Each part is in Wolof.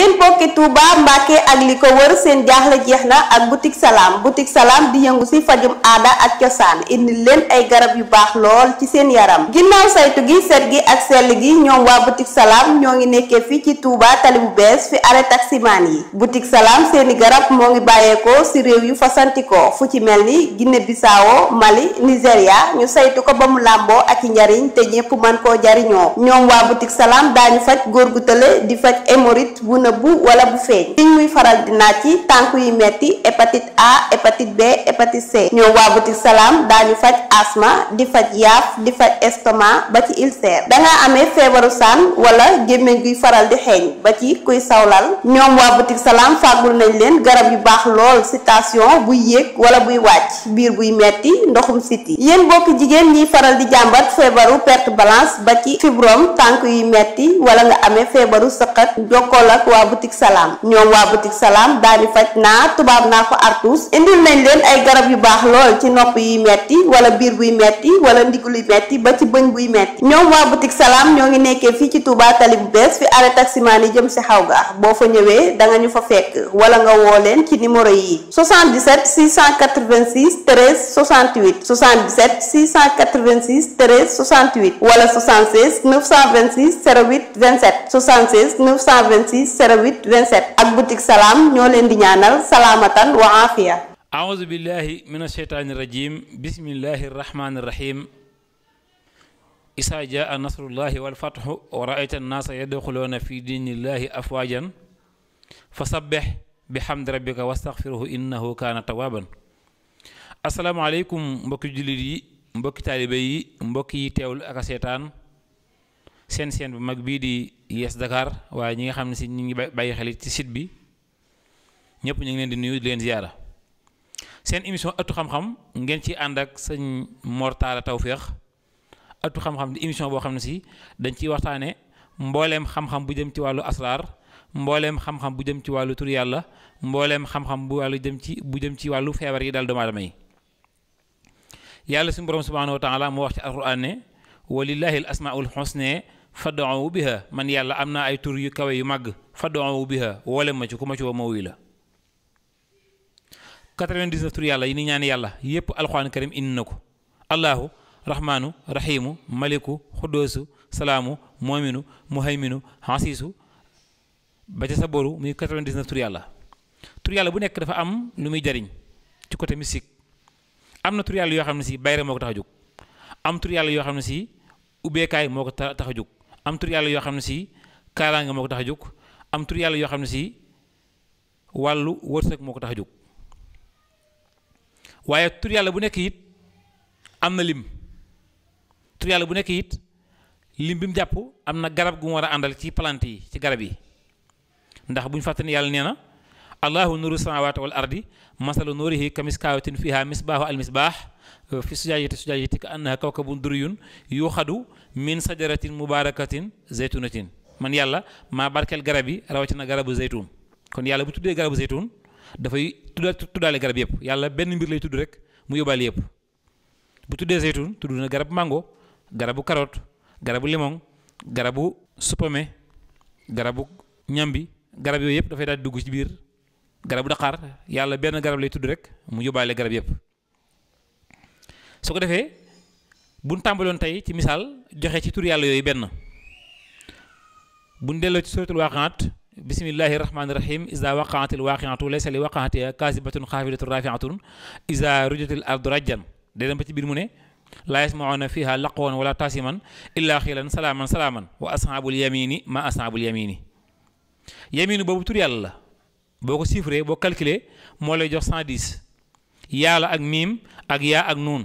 seen bokki Touba Mbacke ak li ko wër seen jaaxle jeex ak boutique salam boutique salaam di yëngu ci fajum ada ak cosaan indi leen ay garab yu baax lool ci seen yaram ginnaaw saytu gi set gi ak sell gi ñoom waa boutique salaam ñoo ngi nekkee ci Touba tali bu bees fi arrêt taximaan yi boutique salaam seeni garab moo ngi bàyyeekoo ci réew yu fasantikoo fu ci mel ni Bissau Mali Nigeria ñu saytu ko ba mu làmboo ak i njariñ te ñépp mën koo jariñoo ñoom waa boutique salaam daañu faj góor gu tële di faj hémorroïde bu na nëbbu wala bu feeñ siñ muy faral di naaj ci tanku yu metti hepatite A hepatite B hepatite C ñoom waa boutique salaam daañu fajj asma di fajj yaaf di fajj estomac ba ci ulcère nga amé fièvre sang wala gémmiñ guy faral di xéñ ba ci kuy sawlal ñoom wa boutique salam fagul nañ leen garab yu bax lool citation bu yek wala buy wacc bir buy metti ndoxum siti yeen bokk jigen ñi faral di jambat fièvre perte balance ba ci fibrom tanku yu metti wala nga amé fièvre sëqat jokkol ak wa boutique salam ñom wa boutique salam daani faj na tubaab ko artus indil nañ leen ay garab yu bax lol ci nopp yi metti wala biir buy metti wala ndiguluy metti ba ci bëñ buy metti ñom wa boutique salam ñoo ngi nekké fi ci Touba tali bes, fi arrêt taxi mani jëm ci xawga bo fa ñëwé da nga ñu fa fekk wala nga wo leen ci numéro yi 77 686 13 68 77 686 13 68 wala 76 926 08 27 76 926 08 08 27 ak boutique salaam ñoo leen di ñaanal salaamatan wa aafiya aouzu billahi min asheytaani rajim bismillahi rahmaani rahim isaa jaa nasrullahi wal fathu wa raayta annaasa yadxuluuna fi diinillahi afwaajan fa sabbih bihamdi rabbika wastaxfiruhu innahu kaana tawaaban asalaamaaleykum mbokki jullit yi mbokki taalibe yi mbokki yi teewlu ak a seetaan seen seen bu mag bii di Yes Dakar waaye ñi nga xam ne si ñu ngi bàyyi xel ci site bi ñëpp ñu ngi leen di nuyu di leen ziyaara seen émission ëttu xam-xam ngeen ci ànd ak sëñ Mor Talla Tawféex ëttu xam-xam di émission boo xam ne si dañ ciy waxtaane mbooleem xam-xam bu jëm ci wàllu asraar mbooleem xam-xam bu jëm ci wàllu tur yàlla mbooleem xam-xam bu wàllu jëm ci bu jëm ci wàllu feebar yi daal doomu aadama yi yàlla suñu borom subhaanahu wa taala wax ci alquran ne walillahi al asmaul fad'u biha man yàlla am naa ay tur yu kawe yu màgg fad'u biha woole ma ci ku ma ci ma wuyu la 99 tur yàlla yi ni ñaan yàlla yépp alxuraan karim indi na ko allahu rahmaanu rahiimu maliku xuddoosu salaamu moominu muhayminu hasiisu ba ca sa boru muy 99 tur yàlla tur yàlla bu nekk dafa am lu muy jariñ ci côté mystique am na tur yàlla yoo xam ne si bayre moo ko tax a jóg yoo xam ne si ubbeekaay moo ko tax a am tur yàlla yoo xam ne si kaaraanga moo ko tax a jóg am tur yàlla yoo xam ne si wàllu wërsëg moo ko tax a waaye tur yàlla bu nekk it am na lim tur yàlla bu nekk yit lim bi mu jàpp am na garab gu mu war a àndal ci plante yi ci garab yi ndax bu ñu fàtte ne yàlla nee na allahu nuru samawati wal ardi masalu nuurihi kamiskaawatin fiha misbaahu al misbaax Euh, fi sujaayati sujaayati ka annaha kawkabun duriyun yuxadu min sajaratin mubarakatin zeytunatin man yàlla maa barkeel garab yi rawatina garabu zeytun kon yàlla bu tuddee garabu zeytun dafay tudda tuddaale garab yëpp yàlla benn mbir lay tudd rek mu yóbbaale yëpp tuddee zeytun tudd na garabu mango garabu carotte garabu limon garabu supame garabu ñambi garab yooyu yëpp dafay daal dugg ci biir garabu daqaar yàlla benn garab lay tudd rek mu yóbbaale garab yëpp su ko defee buñ tàmbaloon tey ci misaal joxe ci tur yàlla yooyu benn buñ delloo ci suratul waqiat bismillahi rahmaani rahim ida waqaatil waqiatu laysa li waqaatiha kaasibatun xaafidatun rafiatun ida rujatil ardu rajjan day dem ba ci biir mu ne laa yasmauna fiha laqwan wala tasiman illa xiilan salaaman salaaman wa ashaabul yamini ma ashaabul yamini yaminu boobu tur yàlla la boo ko chiffré boo calculé moo lay jox 110 yàlla ak miim ak yaa ak nuun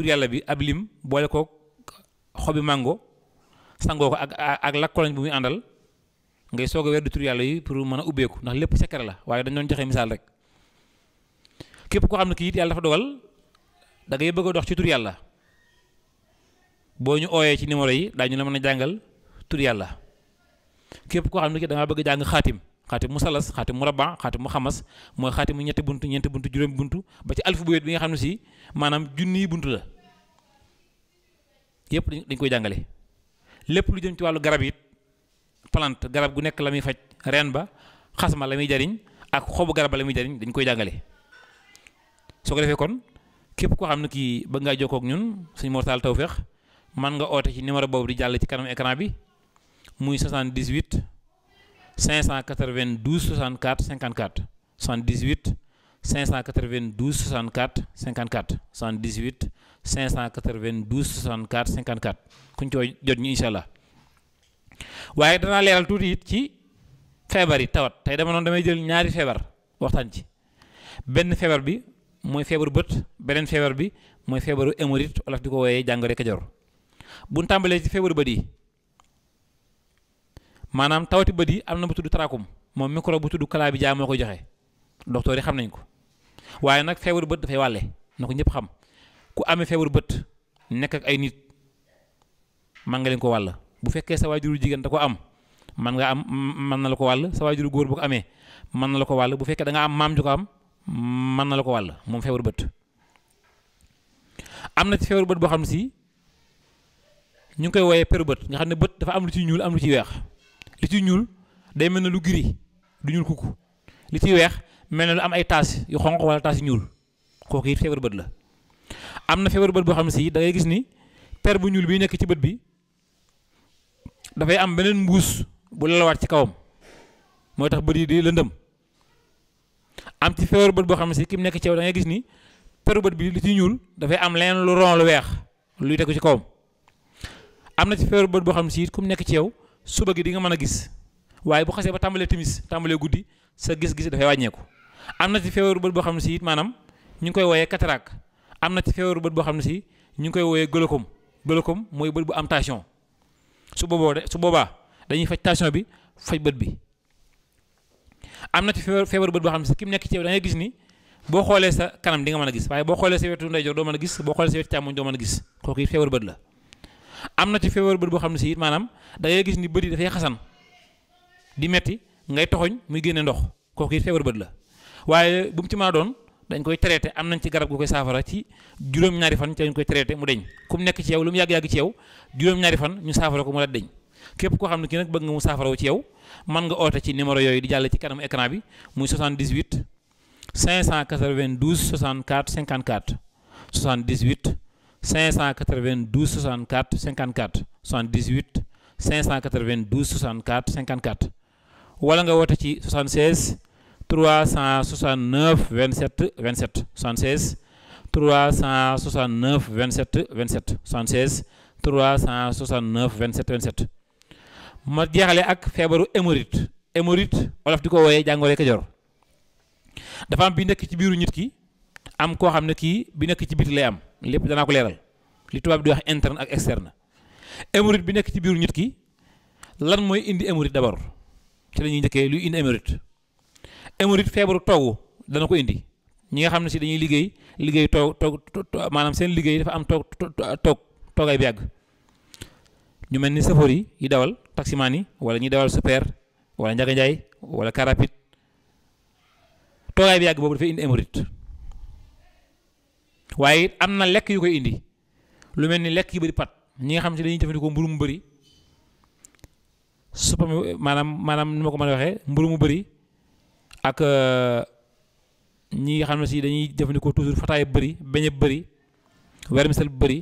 tur yàlla bi ab lim boole ko xobi màngo sangoo ko ak ak lakkoloñ bu muy àndal ngay sooga a weddu tur yàlla yi pour mën a ubbeeku ndax lépp secret la waaye dañ doon joxe misaal rek képp koo xam ne kii it yàlla dafa dogal da bëgg a dox ci tur yàlla boo ñu ooyee ci numéro yi dañu la mën a jàngal tur yàlla képp koo xam ne kii da bëgg jàng xaatim xaatim mu salas xaatim mu rabaa xaatim mu xamas mooy xaatim mu ñetti buntu ñeenti buntu juróomi buntu ba ci alfu bu wéet bi nga xam ne si maanaam junniy buntu la yëpp dañ koy jàngale lépp lu jëm ci wàllu garab it palant garab gu nekk la muy faj reen ba xas ma la muy jariñ ak xobu garab ba la muy jariñ dañ koy jàngale soo ko defee kon képp koo xam ne kii bëgg ngaa jokkoo ak ñun suñu mortal tawféex man nga oote ci numéro boobu di jàll ci kanam écran bi muy 78 592 64 54 78 592 64 54 78 592 64 54 kuñ ci jot ñu inshallah waye dana leral tout yi ci février tawat tay dama non damay jël ñaari février waxtan ci Ben février, bi moy février beut benen février bi moy février wala maanaam tawati bët yi am na bu tudd trachome moom microbe bu tudd chlamydia moo koy joxe docteur yi xam nañ ko waaye nag feebaru bët dafay wàlle na ko ñëpp xam ku amee feebaru bët nekk ak ay nit man nga leen ko wàll bu fekkee sa waajuru jigéen da ko am man nga am man na la ko wàll sa waajuru góor bu ko amee man na la ko wàll bu fekkee da nga am maam ju ko am man na la ko wàll moom feebaru bët am na ci feebaru bët boo xam ne si ñu ngi koy wooyee bët xam ne bët dafa am lu ci ñuul am ci weex li ci ñuul day mel ne lu giri du ñuul kukku li ci weex mel ne lu am ay taas yu xonq wala taas yu ñuul kooku it feebar bët la am na feebar bët boo xam ne si da gis ni per bu bi nekk ci bët bi dafay am beneen mbuus bu lalawaat ci kawam mooy tax bët yi di lëndëm am ci feebar boo xam ne ki mu nekk ci yow gis ni per bët bi li ci ñuul dafay am leneen lu ron lu weex luy tegu ci kawam am na ci feebar bët boo xam ne si mu nekk ci yow suba gi di nga mën a gis waaye bu xasee ba tàmbalee timis tàmbalee guddi sa gis-gis dafay wàññeeku am na ci feebaru bët boo xam ne si it maanaam ñu ngi koy wooyee cataracte am na ci feebaru bët boo xam ne si ñu ngi koy wooyee glaucome glaucome mooy bët bu am tension su booboo de su boobaa dañuy faj tension bi faj bët bi am na ci feebaru bët boo xam ne si ki mu nekk ci yow gis ni boo xoolee sa kanam di mën a gis waaye boo xoolee sa wetu ndeyjoor doo mën a gis boo xoolee sa wetu càmmoñ doo mën a gis kooku it feebaru bët la am na ci feebar bët boo xam ne si maanaam da gis ni bët dafay xasan di metti ngay toxoñ muy génne ndox kooku it feebar bët la waaye bu mu ci mën a doon dañ koy traité am nañ ci garab gu koy saafara ci juróom-ñaari fan ci lañ koy traité mu deñ ku mu nekk ci yow lu mu yàgg-yàgg ci yow juróom-ñaari fan ñu saafara ko mu la deñ képp koo xam ne ki nag bëgg nga mu saafara ci yow mën nga oote ci numéro yooyu di jàll ci kanamu écran bi muy 78 592 64 54 78 592 64 54 78 592 64 54 wala nga ci 76 369 27 27 76 369 27 27 76 369 27 27 ma ak feebaru émorite émorite Olaf di ko wooyee jàngoro Kajoor dafa am bi nekk ci biiru nit ki am ko xam bi ci biti lay am lépp danaa ko leeral li tubaab di wax interne ak externe hémorroïde bi nekk ci biiru nit ki lan mooy indi hémorroïde d'abord ci lañuy ñuy njëkkee luy indi hémorroïde hémorroïde feebaru togg dana ko indi ñi nga xam ne si dañuy liggéey liggéey toog toog maanaam seen liggéey dafa am toog toog toogaay bi yàgg ñu mel ni safoor yi yi dawal taximaan yi wala ñuy dawal super wala njaga njaay wala karapit toogaay bi yàgg boobu dafay indi hémorroïde waaye amna am yu koy indi lu mel ni lekk yu bëri pat ñi nga xam si dañuy jëfandikoo mburu mu bëri supa maanaam maanaam ni ma ko mën a waxee mburu mu bëri ak euh, ñi nga xam ne si dañuy jëfandikoo toujours fataay bëri beñe bëri vermicelle bëri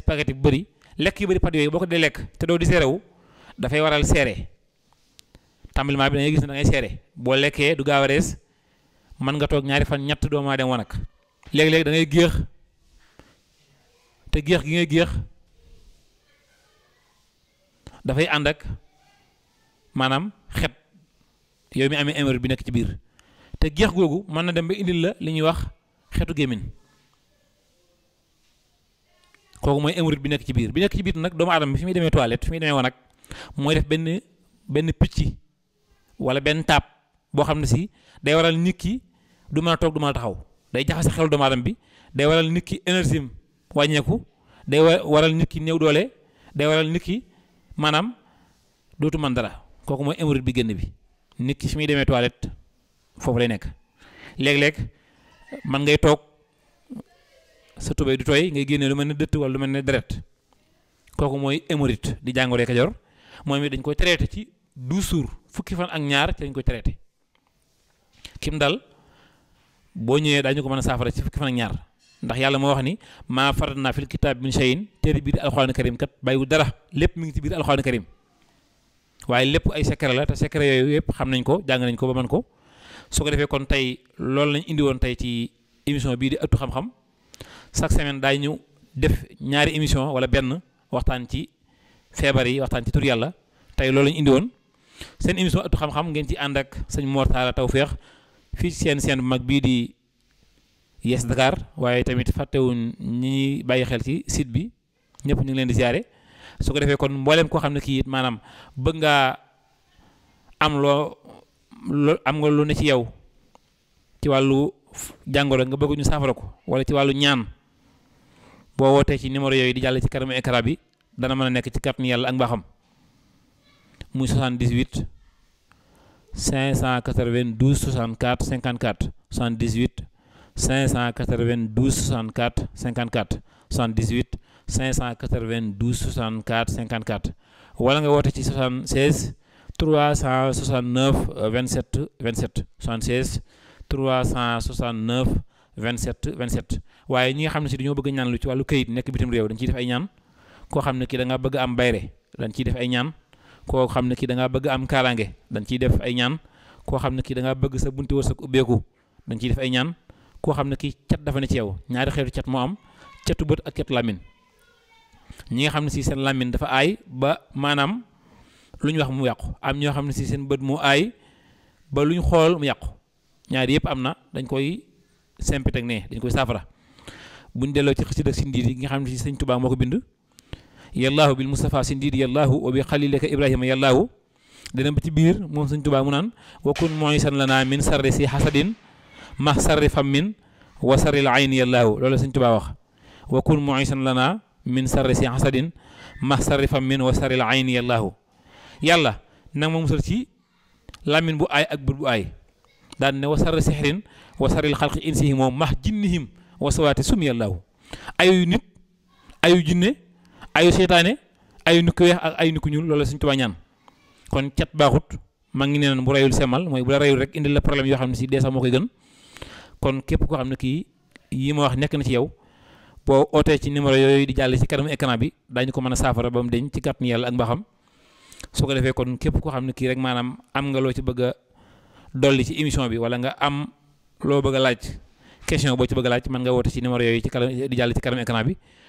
spaghetti bëri lekk yu bëri pat yooyu boo ko dee lekk te doo di seerewu dafay waral seere tàmbaliment bi da ngay gis ne da ngay seere boo lekkee du gaaw a rees man nga toog ñaari fan ñett doomaa dem wanag léeg-léeg dangay géex te géex gi ngay géex dafay ànd ak maanaam xet yow mi amee hémorroïde bi nekk ci biir te géex googu mën na dem ba indil la li ñuy wax xetu gémmiñ kooku mooy hémorroïde bi nekk ci biir bi nekk ci biir nag doomu aadama bi fi muy demee toilette fi muy demee wanag mooy def benn benn picc wala benn taab boo xam ne si day waral nit ki du mën a toog du mën a taxaw day jaxase xelu doomu aadama bi day waral nit ki énergie am wàññeeku day waral nit ki néew doole day waral nit ki maanaam dootu man dara kooku mooy hémorroïde bi génn bi nit ki su muy demee toilette foofu lay nekk léeg-léeg man ngay toog sa tubéy du tooy ngay génnee lu mel ne dëtt wala lu mel ne deret kooku mooy hémorroïde di jàngoree Kajoor moom it dañ koy traité ci douze jours fukki fan ak ñaar ci dañ koy traité kim dal boo ñëwee daañu ko mën a saafara ci fukki fan ñaar ndax yàlla moo wax ni maa farat naa fil kitaab min shay'in téere biir alxuraan karim kat bàyyiwul dara lépp mu ngi ci biir alxuraan karim waaye lépp ay secret la te secret yooyu yëpp xam nañ ko jàng nañ ko ba mën ko soo ko defee kon tey loolu lañ indi woon tey ci émission bii di ëttu xam-xam chaque semaine daañu def ñaari émission wala benn waxtaan ci feebar yi waxtaan ci tur yàlla tey loolu lañ indi woon seen émission ëttu xam ci ànd ak sëñ Mor Talla Tawfekh fi sen sen mag bi di Yes Dakar waye tamit wu ñi bàyyi xel ci site bi ñëpp ñu ngi leen di ziaré su ko defee kon mbooleem ko xam ki kii it maanaam bëgg ngaa am lo am nga lu ne ci yow ci walu jangoro nga bëgg ñu safara ko wala ci walu ñaan bo ci numéro yoy di jall ci écran bi dana mëna nekk ci kàttanu yalla ak muy 78 592 64 54 118 592 64 54 118 592 64 54 wala nga woote ci 76 369 27 27 76 369 27 27 waaye ñi nga xam ne si dañoo bëgg ñaan lu ci wàllu këyit nekk bitim réew dañ ciy def ay ñaan koo xam ne kii da nga bëgg am bayre dañ ciy def ay ñaan koo xam ne kii dangaa bëgg am kaaraange dañ ciy def ay ñaan koo xam ne kii da ngaa bëgg sa bunti wërsëg ubbeeku dañ ciy def ay ñaan koo xam ne kii cat dafa ne ci yow ñaari xeetu cat moo am catu bët ak catu làmmiñ ñi nga xam ne si seen làmmiñ dafa aay ba maanaam lu ñu wax mu yàqu am ñoo xam ne si seen bët mu aay ba lu ñu xool mu yàqu ñaari yëpp am na dañ koy simpit ak ne dañ koy saafara buñ delloo ci xasida ak sindiir yi nga xam ne si sëñ Tuubaa moo ko bind يا الله بالمصطفى سندير يا الله وبخليل لك ابراهيم يا الله دنا بتبير موم سنتوبا مونان وكن معيسا لنا من سر سي حسد ما سر فم من وسر العين يا الله لولا سنتوبا واخ وكن معيسا لنا من سر سي حسد ما سر فم من وسر العين يا الله يلا نام موم سرتي لامين بو اي اك بو اي دان نو سر سحر وسر الخلق انسهم ومح جنهم وسواتسم يا الله ايو نيت ayu setané ayu nuku weex ak ayu nuku ñul loolu señ tuba ñaan kon ciat baaxut ma ngi neen bu rayul semal moy bu la rayul rek indi la problème yo xamni ci si mo koy gën kon képp ko xamni ki yi ma wax nek na ci yow bo oté ci numéro yoy di jall ci kanamu écran bi dañ ko mëna safara bam deñ ci carte yàlla ak mbaaxam su ko defee kon képp ko xamni ki rek manam am nga lo ci bëgg a dolli ci émission bi wala nga am lo bëgg laaj question bo ci bëgg laaj man nga woote ci numéro yoy ci kanam di jall ci kanamu écran bi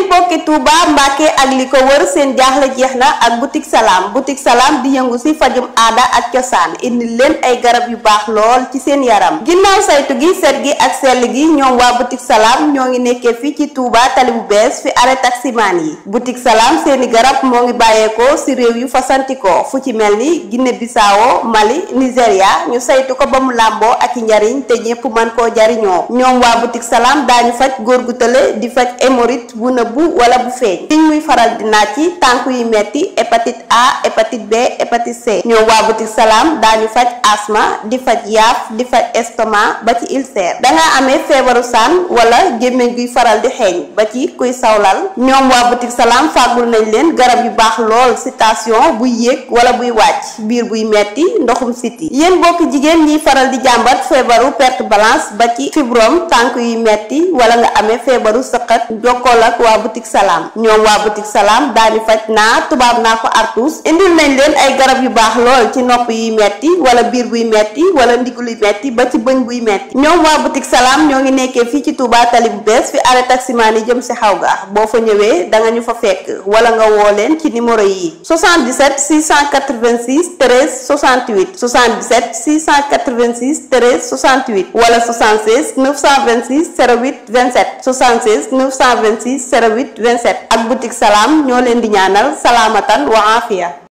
ngeen bokki Touba Mbacke ak liko wër seen jaxla jeexna ak boutique salam boutique salam di yëngu ci fajum ada ak cosaan indi leen ay garab yu bax lool ci seen yaram ginnaw saytu gi set gi ak sel gi ñom wa boutique salam ñoo ngi nekké fi ci Touba tali bu bes fi arrêt man yi boutique salam seen garab mo ngi ko ci réew yu fasantikoo fu ci melni ni Guinée Bissau Mali Nigeria ñu saytu ko bamu lambo ak ñariñ te ñepp man ko jariño ñom wa boutique salam dañu fajj góor gu di fajj hémorroïde bu na bu wala bu feñ ci muy faral di ci tank yu metti hepatite A hepatite B hepatite C ñoom waa boutique salaam daañu fajj asthma di fajj yaf di fajj estomac ba ci ulcère nga amé fièvre saan wala gémmiñ guy faral di xéñ ba ci kuy sawlal ñoom wa boutique salam fagul nañ leen garab yu bax lool citation bu yek wala buy wacc bir buy metti ndoxum city yeen bokk jigen ñi faral di jambar fièvre perte balance ba ci fibrom tank yu metti wala nga amé fièvre sëqat jokkool ak boutique salam ñom wa boutique salam daani Fatna naa tubaab ko artus indil nañ leen ay garab yu bax lol ci nopp yi metti wala biir buy metti wala ndigul yu metti ba ci bëñ buy metti ñom wa boutique salam ñoo ngi nekké fi ci Touba tali bes fi arrêt taximaan yi jëm ci xawga bo fa ñëwé da nga ñu fa fekk wala nga wo leen ci numéro yi 77 686 13 68 77 686 13 68 wala 76 926 08 27 76 926 08 08 27 ak boutique salaam ñoo leen di ñaanal salaamatan wa aafiya